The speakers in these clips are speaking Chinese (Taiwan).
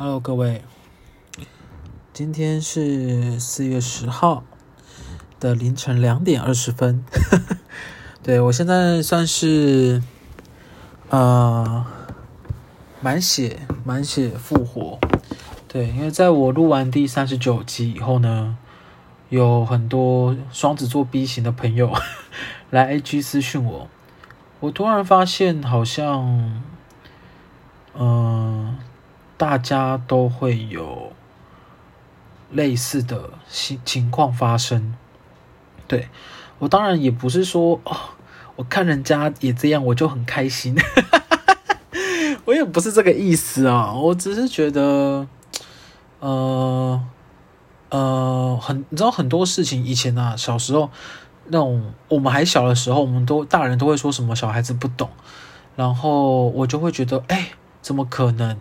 Hello，各位，今天是四月十號的凌晨兩點二十分， 對，我現在算是啊、呃、滿血滿血復活。對，因為在我錄完第三十九集以後呢，有很多雙子座 B 型的朋友來 A G 私信我，我突然發現好像，嗯、呃。大家都會有類似的情情況發生，對，我當然也不是說哦，我看人家也這樣，我就很開心，哈哈哈哈哈，我也不是這個意思啊，我只是覺得，呃，呃，很，你知道很多事情，以前啊，小時候那種我們還小的時候，我們都大人都會說什麼小孩子不懂，然後我就會覺得，哎、欸，怎麼可能？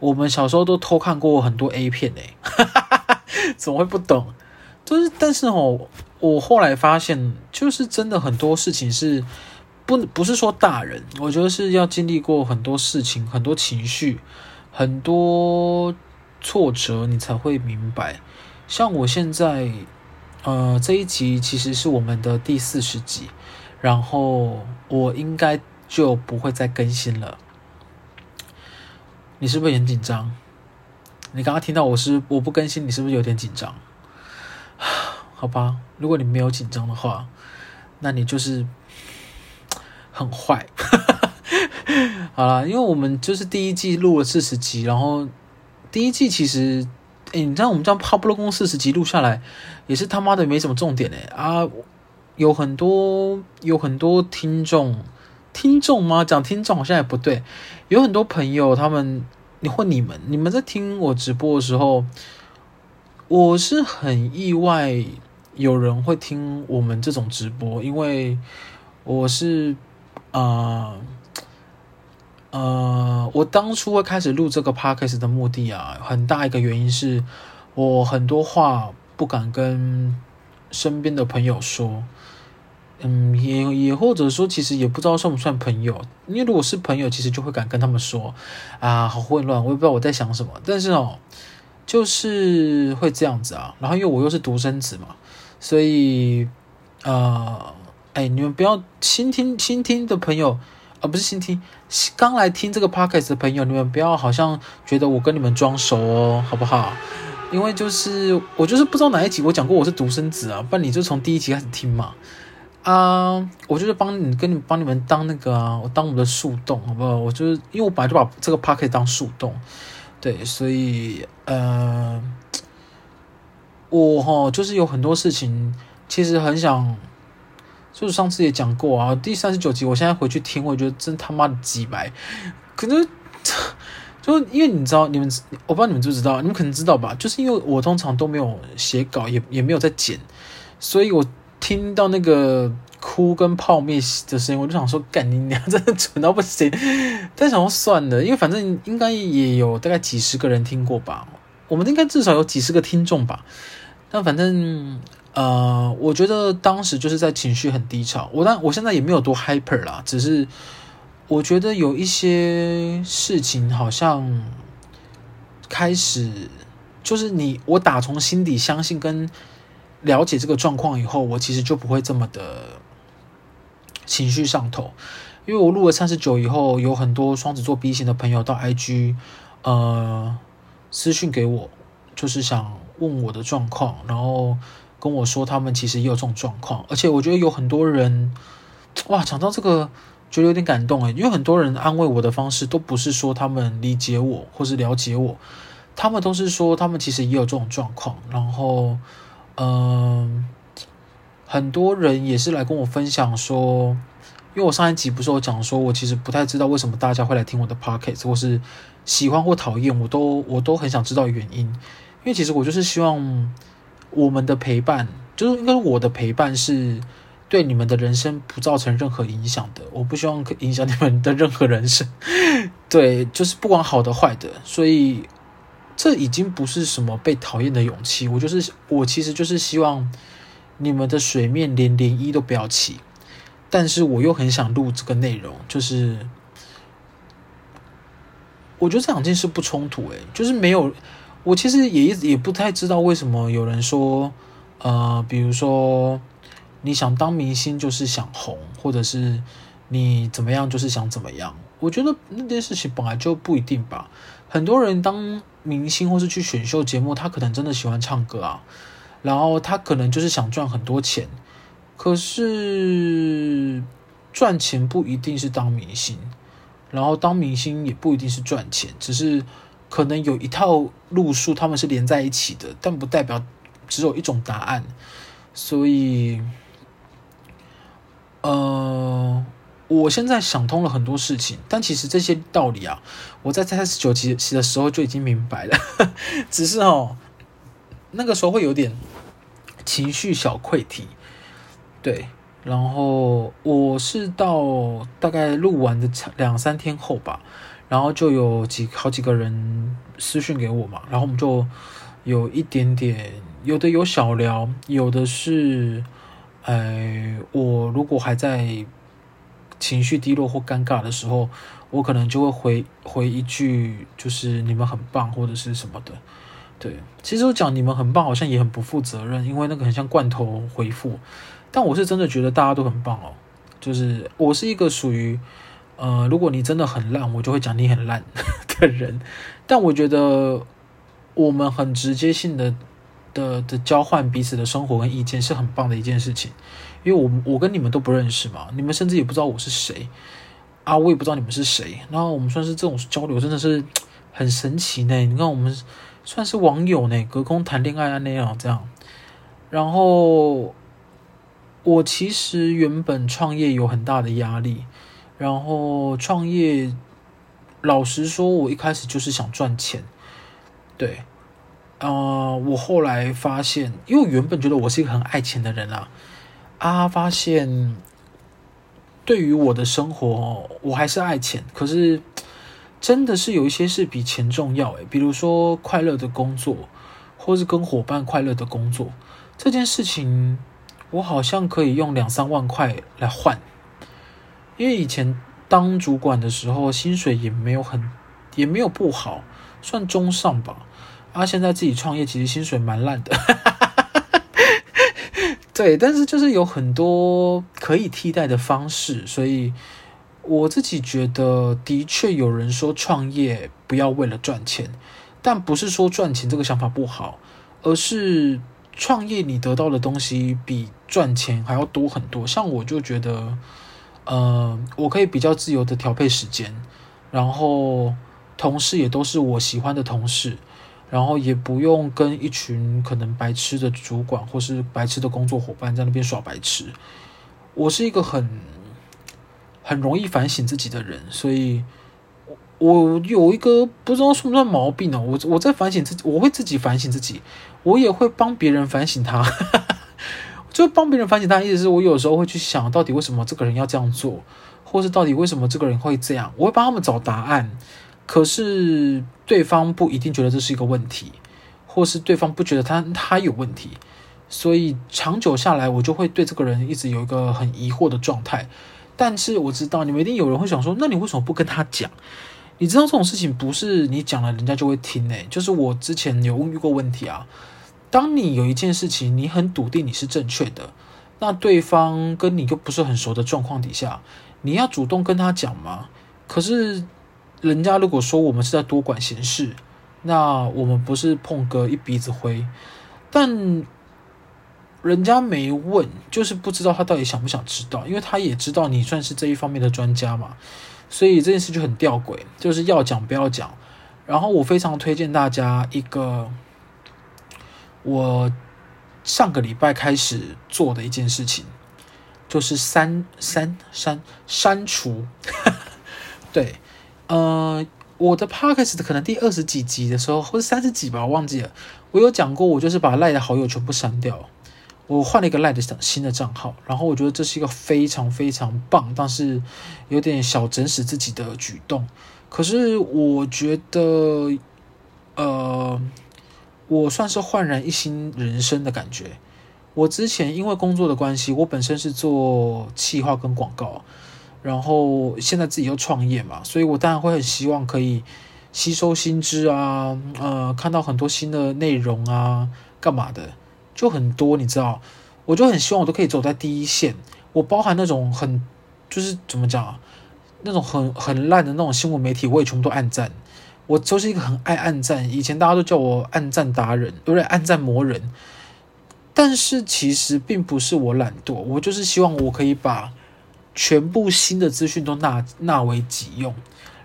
我們小時候都偷看過很多 A 片，欸、哈哈哈，哈，怎麼會不懂？就是，但是哦，我後來發現，就是真的很多事情是不不是說大人，我覺得是要經歷過很多事情、很多情緒、很多挫折，你才會明白。像我現在，呃，這一集其實是我們的第四十集，然後我應該就不會再更新了。你是不是很緊張？你剛剛聽到我是、不是我不更新，你是不是有點緊張？好吧，如果你沒有緊張的話，那你就是很壞。 好啦，因為我們就是第一季錄了四十集，然後第一季其實，哎、欸，你知道我們這樣啪不漏工四十集錄下來，也是他媽的沒什麼重點哎、欸、啊，有很多有很多聽眾，聽眾嗎？講聽眾好像也不對。有很多朋友，他們，你或你們，你們在聽我直播的時候，我是很意外有人會聽我們這種直播，因為我是，啊、呃，呃，我當初會開始錄這個 podcast 的目的啊，很大一個原因是，我很多話不敢跟身邊的朋友說。嗯，也也或者說，其實也不知道算不算朋友，因為如果是朋友，其實就會敢跟他們說，啊，好混亂，我也不知道我在想什麼。但是哦，就是會這樣子啊。然後因為我又是獨生子嘛，所以，呃，哎，你們不要新聽新聽的朋友啊，不是新聽剛來聽這個 podcast 的朋友，你們不要好像覺得我跟你們裝熟哦，好不好？因為就是我就是不知道哪一集我講過我是獨生子啊，不然你就從第一集開始聽嘛。啊，uh, 我就是幫你跟你幫你們當那個啊，我當我們的樹洞，好不好？我就是因為我本來就把這個 pack 當樹洞，對，所以呃，我哈就是有很多事情，其實很想，就是上次也講過啊，第三十九集，我現在回去聽，我覺得真他媽的雞掰，可能就因為你知道，你們我不知道你們知不知道，你們可能知道吧，就是因為我通常都沒有寫稿，也也沒有在剪，所以我。聽到那個哭跟泡麵的聲音，我就想說，幹你娘，真的蠢到不行！但想說算了，因為反正應該也有大概幾十個人聽過吧，我們應該至少有幾十個聽眾吧。但反正，呃，我覺得當時就是在情緒很低潮。我但我現在也沒有多 hyper 啦，只是我覺得有一些事情好像開始，就是你，我打從心底相信跟。了解這個狀況以後，我其實就不會這麼的情緒上頭，因為我錄了三十九以後，有很多雙子座 B 型的朋友到 IG，呃，私訊給我，就是想問我的狀況，然後跟我說他們其實也有這種狀況，而且我覺得有很多人，哇，講到這個覺得有點感動哎、欸，因為很多人安慰我的方式都不是說他們理解我或是了解我，他們都是說他們其實也有這種狀況，然後。嗯，很多人也是來跟我分享說，因為我上一集不是有講說，我其實不太知道為什麼大家會來聽我的 podcast，或是喜歡或討厭，我都我都很想知道原因。因為其實我就是希望我們的陪伴，就是應該我的陪伴是對你們的人生不造成任何影響的，我不希望影響你們的任何人生。對，就是不管好的壞的，所以。這已經不是什麼被討厭的勇氣，我就是我，其實就是希望你們的水面連漣漪都不要起，但是我又很想錄這個內容，就是我覺得這兩件事不衝突，欸，哎，就是沒有我其實也也不太知道為什麼有人說，呃，比如說你想當明星就是想紅，或者是你怎麼樣就是想怎麼樣，我覺得那件事情本來就不一定吧，很多人當。明星或是去選秀節目，他可能真的喜歡唱歌啊，然後他可能就是想賺很多錢，可是賺錢不一定是當明星，然後當明星也不一定是賺錢，只是可能有一套路數他們是連在一起的，但不代表只有一種答案，所以，呃。我現在想通了很多事情，但其實這些道理啊，我在三十九集的時候就已經明白了，呵呵，只是哦，那個時候會有點情緒小潰堤。對，然後我是到大概錄完的兩三天後吧，然後就有幾好幾個人私訊給我嘛，然後我們就有一點點，有的有小聊，有的是，哎、呃，我如果還在。情緒低落或尷尬的時候，我可能就會回回一句，就是你們很棒或者是什麼的。對，其實我講你們很棒，好像也很不負責任，因為那個很像罐頭回復。但我是真的覺得大家都很棒哦，就是我是一個屬於，呃，如果你真的很爛，我就會講你很爛的人。但我覺得我們很直接性的的的交換彼此的生活跟意見是很棒的一件事情。因為我我跟你們都不認識嘛，你們甚至也不知道我是誰，啊，我也不知道你們是誰。然後我們算是這種交流，真的是很神奇呢。你看，我們算是網友呢，隔空談戀愛啊，那樣這樣。然後我其實原本創業有很大的壓力，然後創業老實說，我一開始就是想賺錢，對，呃，我後來發現，因為原本覺得我是一個很愛錢的人啊。啊，發現對於我的生活，我還是愛錢。可是，真的是有一些事比錢重要誒、欸，比如說快樂的工作，或是跟夥伴快樂的工作這件事情，我好像可以用兩三萬塊來換。因為以前當主管的時候，薪水也沒有很，也沒有不好，算中上吧。啊，現在自己創業，其實薪水蠻爛的。哈哈哈。對，但是就是有很多可以替代的方式，所以我自己覺得，的確有人說創業不要為了賺錢，但不是說賺錢這個想法不好，而是創業你得到的東西比賺錢還要多很多。像我就覺得，嗯、呃，我可以比較自由的調配時間，然後同事也都是我喜歡的同事。然後也不用跟一群可能白痴的主管或是白痴的工作夥伴在那邊耍白痴。我是一個很很容易反省自己的人，所以我有一個不知道算不算毛病呢？我我在反省自己，我會自己反省自己，我也會幫別人反省他。 就幫別人反省他的意思是我有時候會去想到底為什麼這個人要這樣做，或是到底為什麼這個人會這樣，我會幫他們找答案。可是對方不一定覺得這是一個問題，或是對方不覺得他他有問題，所以長久下來，我就會對這個人一直有一個很疑惑的狀態。但是我知道，你們一定有人會想說，那你為什麼不跟他講？你知道這種事情不是你講了人家就會聽誒、欸。就是我之前有遇過問題啊。當你有一件事情你很篤定你是正確的，那對方跟你又不是很熟的狀況底下，你要主動跟他講嗎？可是。人家如果說我們是在多管閒事，那我們不是碰個一鼻子灰？但人家沒問，就是不知道他到底想不想知道，因為他也知道你算是這一方面的專家嘛，所以這件事就很吊詭，就是要講不要講。然後我非常推薦大家一個，我上個禮拜開始做的一件事情，就是刪刪刪刪除，哈哈，對。呃，我的 podcast 可能第二十幾集的時候，或者三十幾吧，我忘記了。我有講過，我就是把賴的好友全部刪掉，我換了一個賴的新的賬號。然後我覺得這是一個非常非常棒，但是有點小整死自己的舉動。可是我覺得，呃，我算是煥然一新人生的感覺。我之前因為工作的關係，我本身是做企劃跟廣告。然後現在自己又創業嘛，所以我當然會很希望可以吸收新知啊，呃，看到很多新的內容啊，幹嘛的就很多，你知道，我就很希望我都可以走在第一線。我包含那種很，就是怎麼講啊，那種很很爛的那種新聞媒體，我也全部都按讚。我就是一個很愛按讚，以前大家都叫我按讚達人，有點按讚魔人。但是其實並不是我懶惰，我就是希望我可以把。全部新的資訊都納納為己用，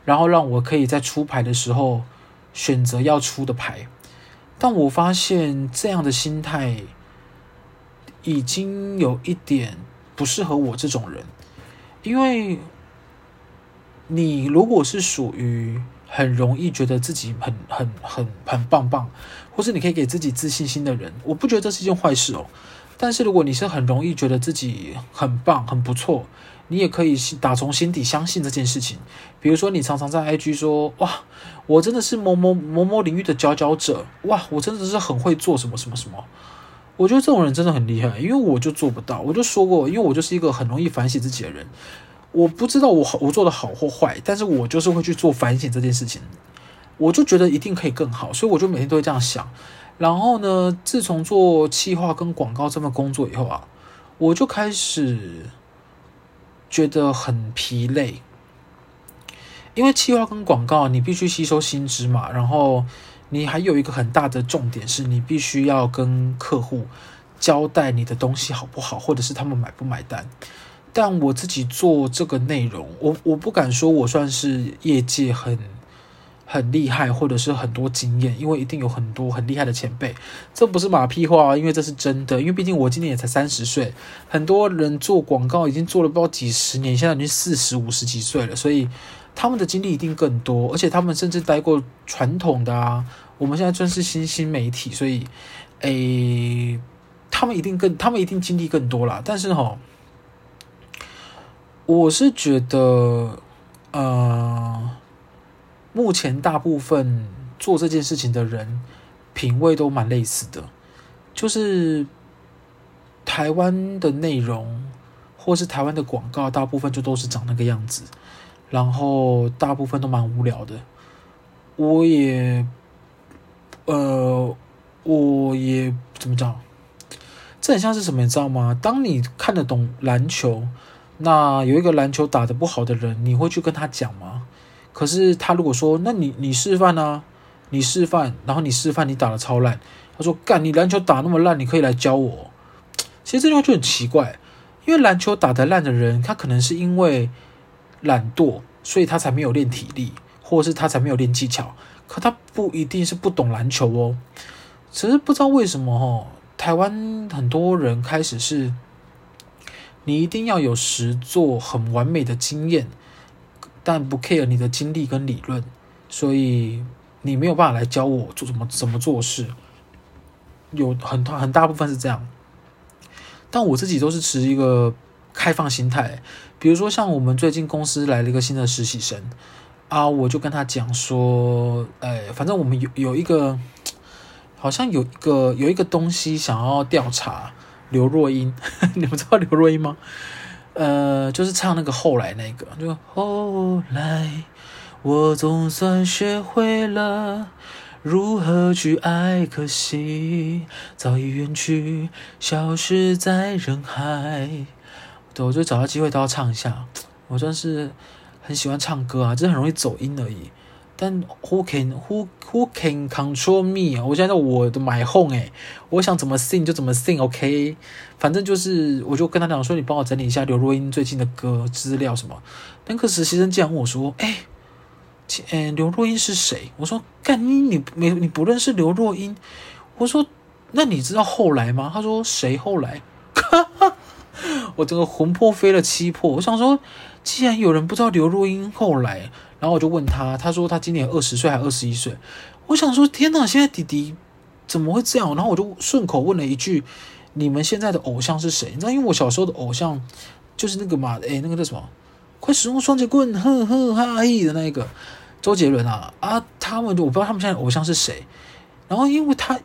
然後讓我可以在出牌的時候選擇要出的牌。但我發現這樣的心態已經有一點不適合我這種人，因為你如果是屬於很容易覺得自己很很很很棒棒，或是你可以給自己自信心的人，我不覺得這是一件壞事哦。但是如果你是很容易覺得自己很棒很不錯。你也可以打從心底相信這件事情，比如說你常常在 IG 說，哇，我真的是某某某某領域的佼佼者，哇，我真的是很會做什麼什麼什麼。我覺得這種人真的很厲害，因為我就做不到。我就說過，因為我就是一個很容易反省自己的人。我不知道我我做得好或壞，但是我就是會去做反省這件事情。我就覺得一定可以更好，所以我就每天都會這樣想。然後呢，自從做企劃跟廣告這份工作以後啊，我就開始。覺得很疲累，因為企劃跟廣告，你必須吸收新知嘛，然後你還有一個很大的重點是你必須要跟客戶交代你的東西好不好，或者是他們買不買單。但我自己做這個內容，我我不敢說我算是業界很。很厲害，或者是很多經驗，因為一定有很多很厲害的前輩。這不是馬屁話啊，因為這是真的。因為畢竟我今年也才三十歲，很多人做廣告已經做了不知道幾十年，現在已經四十五十幾歲了，所以他們的經歷一定更多。而且他們甚至待過傳統的啊，我們現在真是新興媒體，所以誒、欸，他們一定更，他們一定經歷更多啦。但是吼，我是覺得，嗯、呃。目前大部分做這件事情的人品味都蠻類似的，就是台灣的內容或是台灣的廣告，大部分就都是長那個樣子，然後大部分都蠻無聊的。我也，呃，我也怎麼講？這很像是什麼，你知道嗎？當你看得懂籃球，那有一個籃球打得不好的人，你會去跟他講嗎？可是他如果說，那你你示範啊，你示範，然後你示範，你打得超爛。他說，幹你籃球打那麼爛，你可以來教我哦。其實這句話就很奇怪，因為籃球打得爛的人，他可能是因為懶惰，所以他才沒有練體力，或是他才沒有練技巧。可他不一定是不懂籃球哦。只是不知道為什麼哦，台灣很多人開始是，你一定要有實作很完美的經驗。但不 care 你的經歷跟理論，所以你沒有辦法來教我做怎麼怎麼做事，有很很大部分是這樣。但我自己都是持一個開放心態，比如說像我們最近公司來了一個新的實習生，啊，我就跟他講說，哎，反正我們有有一個，好像有一個有一個東西想要調查劉若英， 你們知道劉若英嗎？呃，就是唱那個後來那個，就後來我總算學會了如何去愛，可惜早已遠去，消失在人海。對，我就找到機會都要唱一下，我算是很喜歡唱歌啊，只、就是很容易走音而已。但 who can who who can control me？我現在我的 my home 哎，我想怎麼 sing 就怎麼 sing，OK。反正就是我就跟他講說，你幫我整理一下劉若英最近的歌資料什麼。那個實習生竟然問我說：“哎，欸，劉若英是誰？”我說：“幹你你你你不認識劉若英？”我說：“那你知道後來嗎？”他說：“誰後來？”哈哈，我整個魂魄飛了七魄。我想說，既然有人不知道劉若英後來。然後我就問他，他說他今年二十歲還二十一歲，我想說天哪，現在弟弟怎麼會這樣？然後我就順口問了一句，你們現在的偶像是誰？你知道，因為我小時候的偶像就是那個嘛，哎，那個叫什麼，快使用雙截棍，呵呵哈嘿的那一個周杰倫啊啊，他們我不知道他們現在的偶像是誰。然後因為他，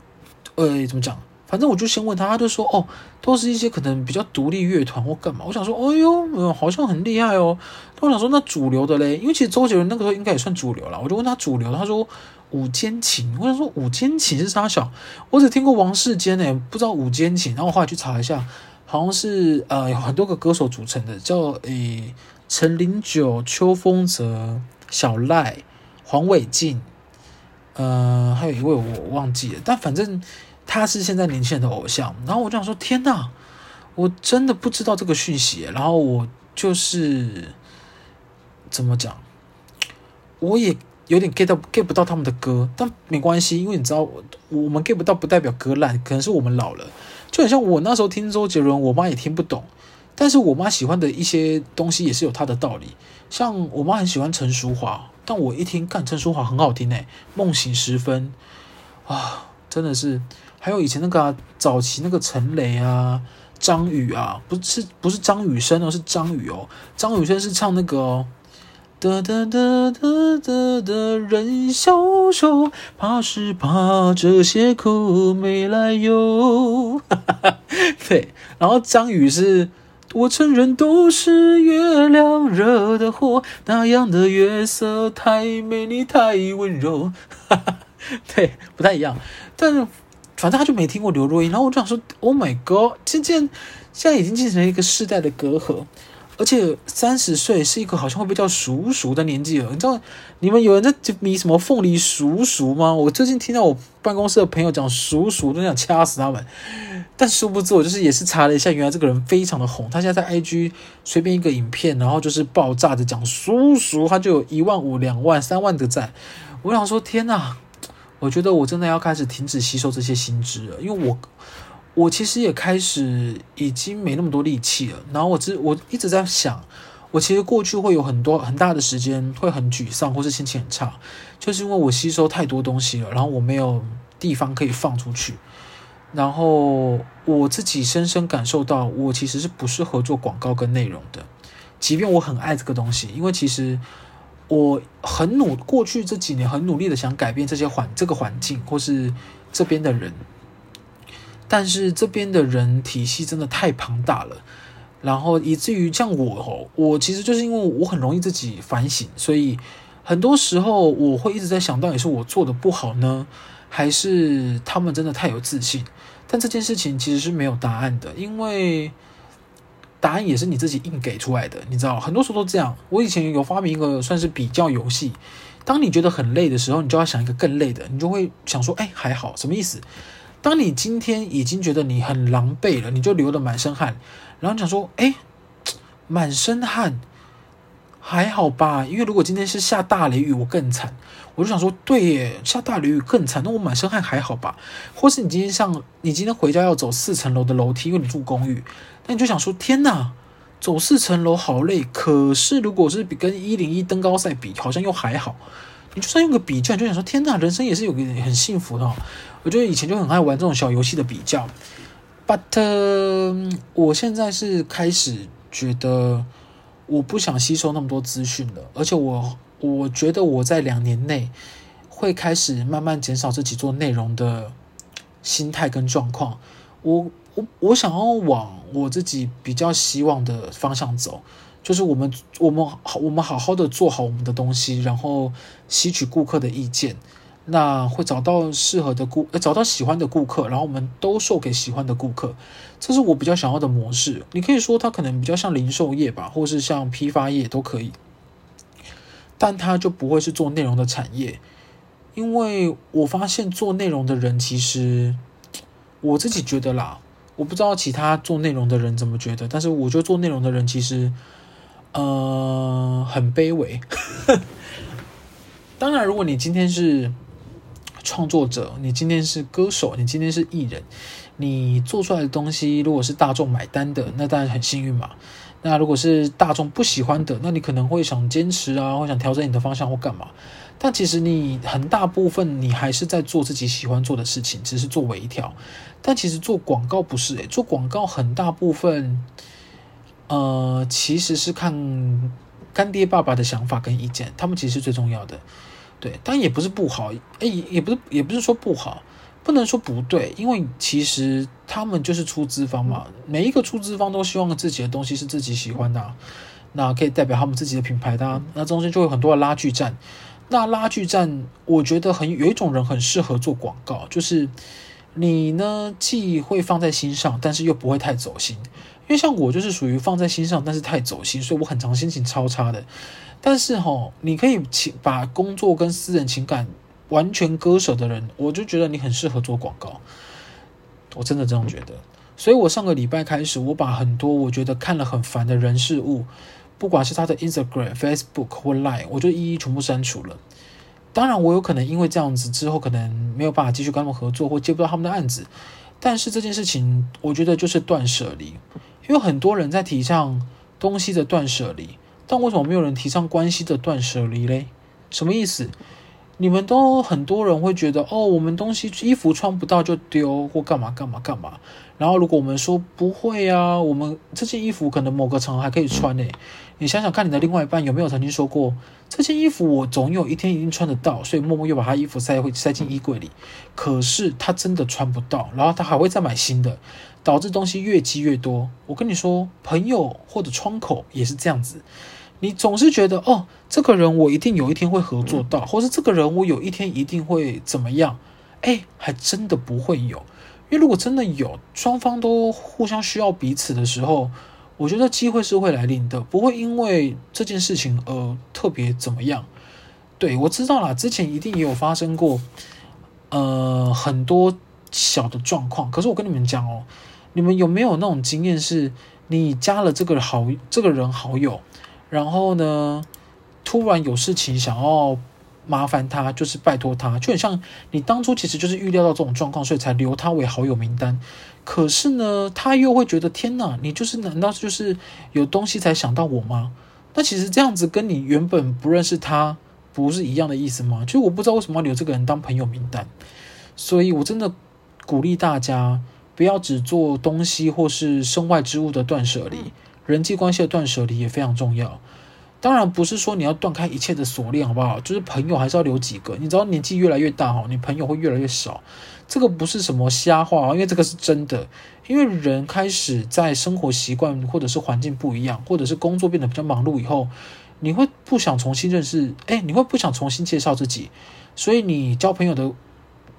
呃，怎麼講？反正我就先問他，他就說：“哦，都是一些可能比較獨立樂團或幹嘛。”我想說：“哎呦、呃，好像很厲害哦。”但我想說那主流的嘞？因為其實周杰倫那個時候應該也算主流了。我就問他主流，他說：“五堅情。”我想說五堅情是啥小？小我只聽過王世堅誒、欸，不知道五堅情。然後我後來去查一下，好像是呃有很多個歌手組成的，叫誒、呃、陳零九、邱鋒澤、小賴、黃偉晉，呃，還有一位我忘記了，但反正。他是現在年輕人的偶像，然後我就想說，天哪，我真的不知道這個訊息。然後我就是怎麼講，我也有點 get 到 get 不到他們的歌，但沒關係，因為你知道，我，我們 get 不到不代表歌爛，可能是我們老了。就好像我那時候聽周杰倫，我媽也聽不懂，但是我媽喜歡的一些東西也是有她的道理。像我媽很喜歡陳淑樺，但我一聽看陳淑樺很好聽誒，《夢醒時分》啊，真的是。還有以前那個、啊、早期那個陳雷啊，張宇啊，不是不是張雨生哦、啊，是張宇哦。張雨生是唱那個、喔，得得得得得得人消瘦，怕是怕這些苦沒來由。 對，然後張宇是，我承認都是月亮惹的禍，那樣的月色太美你太溫柔。 對，不太一樣，但是，反正他就沒聽過劉若英，然後我就想說，Oh my God，這這現在已經進行了一個世代的隔閡，而且三十歲是一個好像會被叫叔叔的年紀了。你知道你們有人在迷什麼鳳梨叔叔嗎？我最近聽到我辦公室的朋友講叔叔，都想掐死他們。但殊不知我就是也是查了一下，原來這個人非常的紅，他現在在 IG 隨便一個影片，然後就是爆炸的講叔叔，他就有一萬五、兩萬、三萬的讚。我想說，天哪！我覺得我真的要開始停止吸收這些新知了，因為我我其實也開始已經沒那麼多力氣了。然後我只我一直在想，我其實過去會有很多很大的時間會很沮喪，或是心情很差，就是因為我吸收太多東西了，然後我沒有地方可以放出去。然後我自己深深感受到，我其實是不適合做廣告跟內容的，即便我很愛這個東西，因為其實。我很努過去這幾年很努力的想改變這些環這個環境或是這邊的人，但是這邊的人體系真的太龐大了，然後以至於像我哦，我其實就是因為我很容易自己反省，所以很多時候我會一直在想，到底是我做得不好呢，還是他們真的太有自信？但這件事情其實是沒有答案的，因為。答案也是你自己硬給出來的，你知道，很多時候都這樣。我以前有發明一個算是比較遊戲，當你覺得很累的時候，你就要想一個更累的，你就會想說，哎，還好，什麼意思？當你今天已經覺得你很狼狽了，你就流得滿身汗，然後想說，哎，滿身汗還好吧？因為如果今天是下大雷雨，我更慘，我就想說，對耶，下大雷雨更慘，那我滿身汗還好吧？或是你今天上，你今天回家要走四層樓的樓梯，因為你住公寓。哎，你就想說天哪，走四層樓好累。可是如果是比跟一零一登高賽比，好像又還好。你就算用個比較，你就想說天哪，人生也是有個很幸福的哦。我覺得以前就很愛玩這種小遊戲的比較。But 我現在是開始覺得我不想吸收那麼多資訊了，而且我我覺得我在兩年內會開始慢慢減少自己做內容的心態跟狀況。我。我我想要往我自己比較希望的方向走，就是我們我們好我們好好的做好我們的東西，然後吸取顧客的意見，那會找到適合的顧呃、欸、找到喜歡的顧客，然後我們都售給喜歡的顧客，這是我比較想要的模式。你可以說它可能比較像零售業吧，或是像批發業都可以，但它就不會是做內容的產業，因為我發現做內容的人其實我自己覺得啦。我不知道其他做內容的人怎麼覺得，但是我覺得做內容的人其實，呃，很卑微。 當然，如果你今天是創作者，你今天是歌手，你今天是藝人，你做出來的東西如果是大眾買單的，那當然很幸運嘛。那如果是大眾不喜歡的，那你可能會想堅持啊，或想調整你的方向，或幹嘛。但其實你很大部分，你還是在做自己喜歡做的事情，只是做微調。但其實做廣告不是、欸、做廣告很大部分，呃，其實是看乾爹爸爸的想法跟意見，他們其實是最重要的。對，但也不是不好，欸、也不是也不是說不好，不能說不對，因為其實他們就是出資方嘛。每一個出資方都希望自己的東西是自己喜歡的，那可以代表他們自己的品牌的、啊，那中間就會有很多的拉鋸戰。那拉鋸戰，我覺得很有一種人很適合做廣告，就是你呢，既會放在心上，但是又不會太走心。因為像我就是屬於放在心上，但是太走心，所以我很常心情超差的。但是哈、哦，你可以請把工作跟私人情感完全割舍的人，我就覺得你很適合做廣告。我真的這樣覺得。所以我上個禮拜開始，我把很多我覺得看了很煩的人事物。不管是他的 Instagram、Facebook 或 Line，我就一一全部刪除了。當然，我有可能因為這樣子之後，可能沒有辦法繼續跟他們合作或接不到他們的案子。但是這件事情，我覺得就是斷舍離。因為很多人在提倡東西的斷舍離，但為什麼沒有人提倡關係的斷舍離嘞？什麼意思？你們都很多人會覺得，哦，我們東西衣服穿不到就丟，或幹嘛幹嘛幹嘛。然後，如果我們說不會啊，我們這件衣服可能某個場合還可以穿嘞。你想想看，你的另外一半有沒有曾經說過，這件衣服我總有一天一定穿得到？所以默默又把他衣服塞會塞進衣櫃裡，可是他真的穿不到，然後他還會再買新的，導致東西越積越多。我跟你說，朋友或者窗口也是這樣子，你總是覺得哦，這個人我一定有一天會合作到，或是這個人我有一天一定會怎麼樣？哎，還真的不會有。因為如果真的有雙方都互相需要彼此的時候，我覺得機會是會來臨的，不會因為這件事情而特別怎麼樣。對，我知道啦，之前一定也有發生過呃很多小的狀況。可是我跟你們講哦，你們有沒有那種經驗是，你加了這個好這個人好友，然後呢，突然有事情想要？麻煩他就是拜託他，就很像你當初其實就是預料到這種狀況，所以才留他為好友名單。可是呢，他又會覺得天哪，你就是難道就是有東西才想到我嗎？那其實這樣子跟你原本不認識他不是一樣的意思嗎？就是、我不知道為什麼要留這個人當朋友名單。所以我真的鼓勵大家不要只做東西或是身外之物的斷捨離，人際關係的斷捨離也非常重要。當然不是說你要斷開一切的鎖鏈，好不好？就是朋友還是要留幾個。你知道年紀越來越大哈，你朋友會越來越少。這個不是什麼瞎話，因為這個是真的。因為人開始在生活習慣或者是環境不一樣，或者是工作變得比較忙碌以後，你會不想重新認識，哎，你會不想重新介紹自己，所以你交朋友的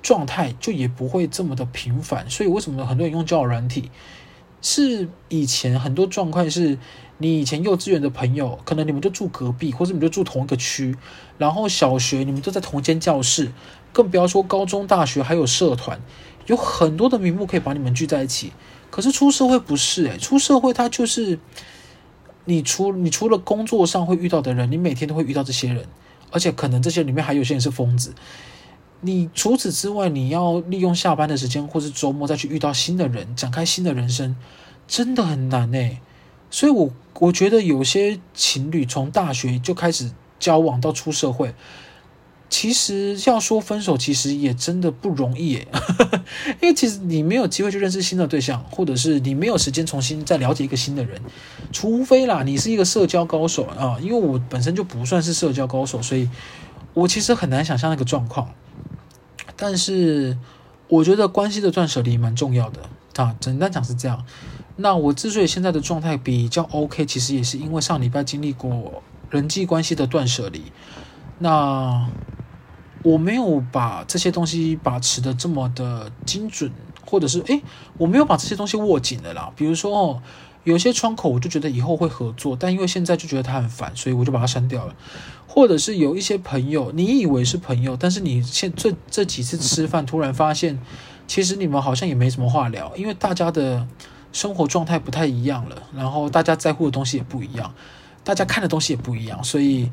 狀態就也不會這麼的頻繁。所以為什麼很多人用交友軟體？是以前很多狀況是。你以前幼稚園的朋友，可能你們就住隔壁，或者你們就住同一個區，然後小學你們都在同一間教室，更不要說高中、大學還有社團，有很多的名目可以把你們聚在一起。可是出社會不是欸，出社會它就是，你除你除了工作上會遇到的人，你每天都會遇到這些人，而且可能這些裡面還有些人是瘋子。你除此之外，你要利用下班的時間或是週末再去遇到新的人，展開新的人生，真的很難哎欸。所以我，我我覺得有些情侶從大學就開始交往到出社會，其實要說分手，其實也真的不容易耶呵呵，因為其實你沒有機會去認識新的對象，或者是你沒有時間重新再了解一個新的人，除非啦，你是一個社交高手啊。因為我本身就不算是社交高手，所以我其實很難想象那個狀況。但是，我覺得關係的斷捨離蠻重要的啊，簡單講是這樣。那我之所以現在的狀態比較 OK，其實也是因為上禮拜經歷過人際關係的斷捨離。那我沒有把這些東西把持得這麼的精準，或者是誒，我沒有把這些東西握緊了啦。比如說哦，有些窗口我就覺得以後會合作，但因為現在就覺得它很煩，所以我就把它刪掉了。或者是有一些朋友，你以為是朋友，但是你現這這幾次吃飯，突然發現其實你們好像也沒什麼話聊，因為大家的。生活狀態不太一樣了，然後大家在乎的東西也不一樣，大家看的東西也不一樣，所以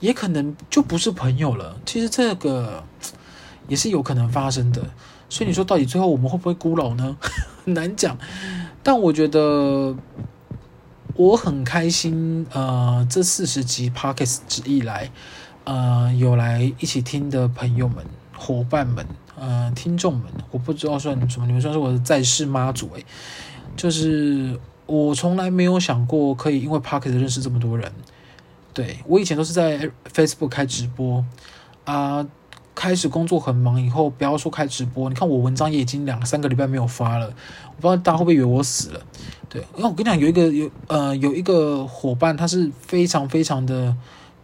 也可能就不是朋友了。其實這個也是有可能發生的。所以你說到底最後我們會不會孤老呢？ 難講。但我覺得我很開心，呃，這四十集 Podcast 以來，呃，有來一起聽的朋友們、夥伴們、呃，聽眾們，我不知道算什麼，你們算是我的在世媽祖哎。就是我從來沒有想過可以因為 Podcast 認識這麼多人，對，我以前都是在 Facebook 開直播啊，呃，開始工作很忙以後，不要說開直播，你看我文章也已經兩三個禮拜沒有發了，我不知道大家會不會以為我死了？對，因、呃、為我跟你講，有一個有呃有一個夥伴，他是非常非常的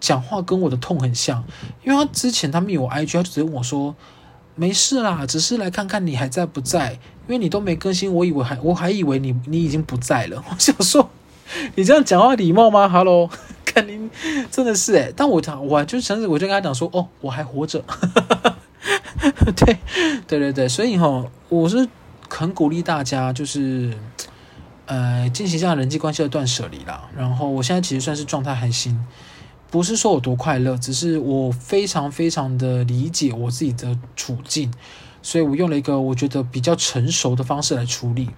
講話跟我的 tone 很像，因為他之前他們有 IG，他就直接問我說，沒事啦，只是來看看你還在不在，因為你都沒更新，我以為還我還以為你你已經不在了。 我想說，你這樣講話禮貌嗎？Hello， 看你真的是、欸、但我講我就想，我就跟他講說，哦，我還活着。 對對對對，所以吼，我是很鼓勵大家就是呃進行一下人際關係的斷捨離啦。然後我現在其實算是狀態還行。不是說我多快樂，只是我非常非常的理解我自己的處境，所以我用了一個我覺得比較成熟的方式來處理。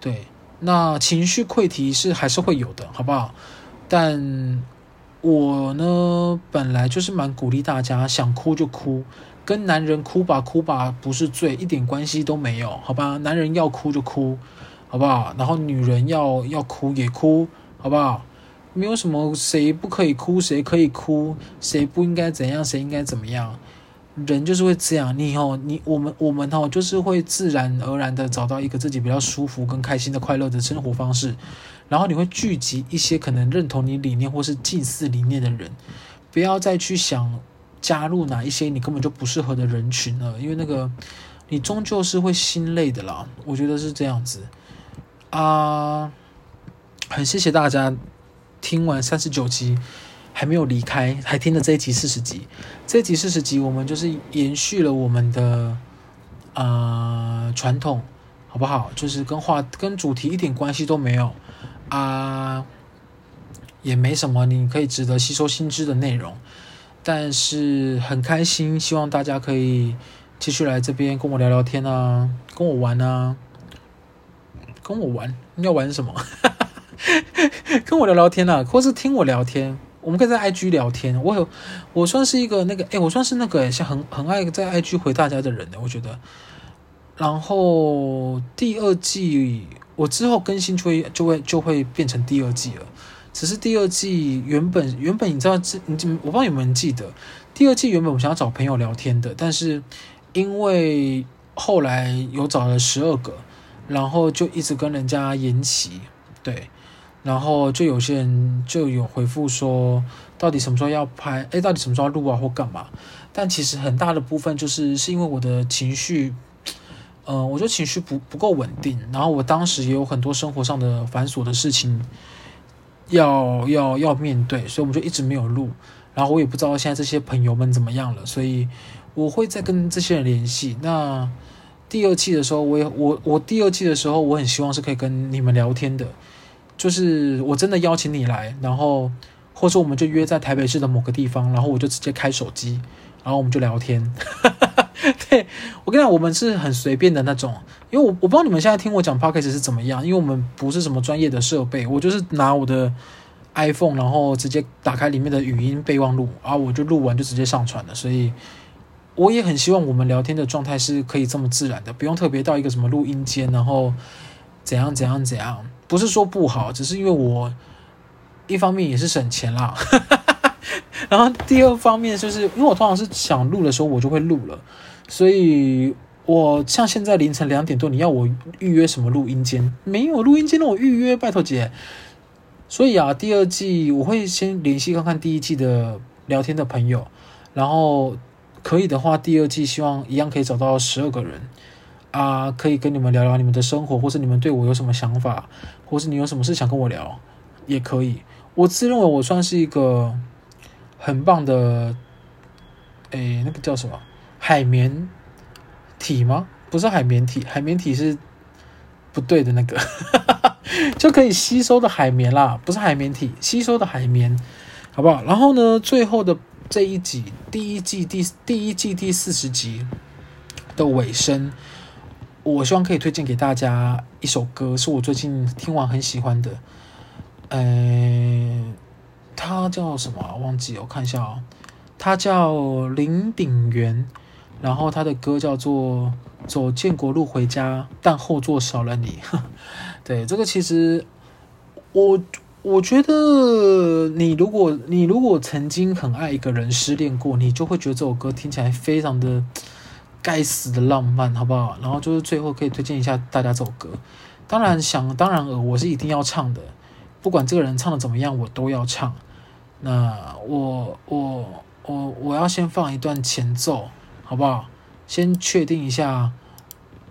對，那情緒潰堤是還是會有的，好不好？但我呢，本來就是蠻鼓勵大家，想哭就哭，跟男人哭吧哭吧不是罪，一點關係都沒有，好吧？男人要哭就哭，好不好？然後女人要要哭也哭，好不好？沒有什麼誰不可以哭，誰可以哭，誰不應該怎樣，誰應該怎麼樣。人就是會這樣，你以後、哦、你我們我們哈、哦，就是會自然而然的找到一個自己比較舒服跟開心的快樂的生活方式。然後你會聚集一些可能認同你理念或是近似理念的人。不要再去想加入哪一些你根本就不適合的人群了，因為那個你終究是會心累的啦。我覺得是這樣子啊，很謝謝大家。聽完三十九集，還沒有離開，還聽了這一集四十集。這一集四十集，我們就是延續了我們的啊、呃、傳統，好不好？就是跟話，跟主題一點關係都沒有啊，也沒什麼你可以值得吸收新知的內容。但是很開心，希望大家可以繼續來這邊跟我聊聊天啊，跟我玩啊，跟我玩，你要玩什麼？ 跟我聊聊天啊，或是聽我聊天，我們可以在 IG 聊天。我有，我算是一個那個，哎、欸，我算是那個、欸、像很很愛在 IG 回大家的人的、欸，我覺得。然後第二季我之後更新出就會就會，就會變成第二季了，只是第二季原本原本你知道，你我不知道有沒有人記得，第二季原本我想要找朋友聊天的，但是因為後來有找了十二個，然後就一直跟人家延期，對。然後就有些人就有回復說，到底什麼時候要拍？哎，到底什麼時候要錄啊，或幹嘛？但其實很大的部分就是是因為我的情緒，嗯、呃，我就情緒不不夠穩定。然後我當時也有很多生活上的繁瑣的事情要要要面對，所以我們就一直沒有錄。然後我也不知道現在這些朋友們怎麼樣了，所以我會再跟這些人聯繫。那第二季的時候我，我也我我第二季的時候，我很希望是可以跟你們聊天的。就是我真的邀請你來，然後，或者說我們就約在台北市的某個地方，然後我就直接開手機，然後我們就聊天。哈哈哈，對，我跟你講，我們是很隨便的那種，因為我我不知道你們現在聽我講 podcast 是怎麼樣，因為我們不是什麼專業的設備，我就是拿我的 iPhone，然後直接打開裡面的語音備忘錄，啊，我就錄完就直接上傳了。所以我也很希望我們聊天的狀態是可以這麼自然的，不用特別到一個什麼錄音間，然後怎樣怎樣怎樣。怎樣不是說不好，只是因為我一方面也是省錢啦， 然後第二方面就是因為我通常是想錄的時候，我就會錄了，所以我像現在凌晨兩點多，你要我預約什麼錄音間？沒有錄音間那我預約拜託姐，所以啊，第二季我會先聯繫看看第一季的聊天的朋友，然後可以的話，第二季希望一樣可以找到十二個人。啊，可以跟你們聊聊你們的生活，或是你們對我有什麼想法，或是你有什麼事想跟我聊，也可以。我自認為我算是一個很棒的，哎，那個叫什麼？海綿體嗎？不是海綿體，海綿體是不對的那個， 就可以吸收的海綿啦，不是海綿體，吸收的海綿，好不好？然後呢，最後的這一集，第一季第第一季第四十集的尾聲。我希望可以推薦給大家一首歌，是我最近聽完很喜歡的。呃，他叫什麼？忘記，我看一下啊，哦，他叫林鼎元，然後他的歌叫做《走建國路回家》，但後座少了你，呵呵。對，這個其實我我覺得，你如果你如果曾經很愛一個人，失戀過，你就會覺得這首歌聽起來非常的。該死的浪漫，好不好？然後就是最後可以推薦一下大家這首歌。當然想當然了，我是一定要唱的，不管這個人唱的怎麼樣，我都要唱。那我我我我要先放一段前奏，好不好？先確定一下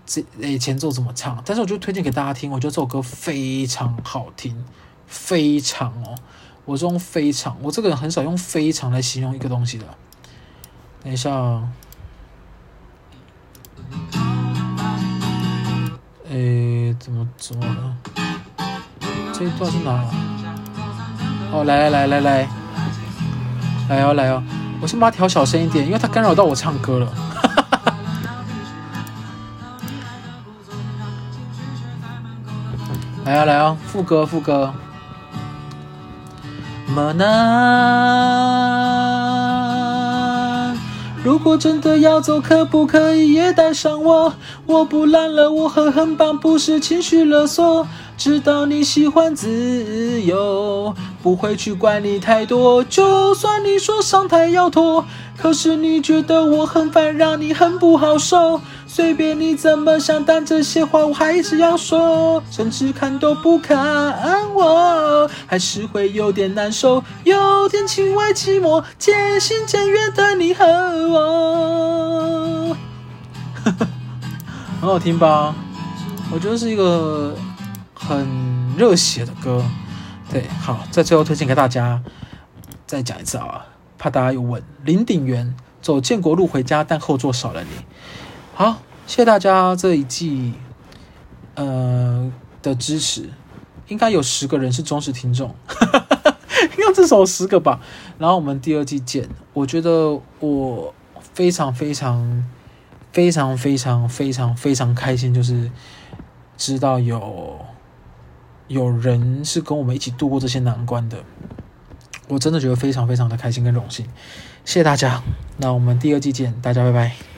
這誒前奏怎麼唱。但是我就推薦給大家聽，我覺得這首歌非常好聽，非常哦，我用非常，我這個人很少用非常來形容一個東西的。等一下哦。怎麼怎麼了？這一段是哪、啊？哦，來來來來來，來喲、哦、來哦，我先把它調小聲一點，因為它干擾到我唱歌了。 來啊、哦，來啊、哦，副歌副歌。麼呢？如果真的要走，可不可以也帶上我？我不懶了，我很很棒，不是情緒勒索。知道你喜歡自由，不會去管你太多。就算你說上台要脫，可是你覺得我很煩，讓你很不好受。隨便你怎麼想，但這些話我還是要說。甚至看都不看我，還是會有點難受，有點情外寂寞，漸行漸遠的你和我。呵呵，很好聽吧？我覺得是一個。很熱血的歌，對，好，在最後推薦給大家，再講一次啊，怕大家又問。林鼎元走建國路回家，但後座少了你。好，謝謝大家這一季，呃的支持，應該有十個人是忠實聽眾，應該至少十個吧。然後我們第二季見。我覺得我非常非常非常非常非常非常開心，就是知道有。有人是跟我們一起度過這些難關的，我真的覺得非常非常的開心跟榮幸，謝謝大家，那我們第二季見，大家拜拜。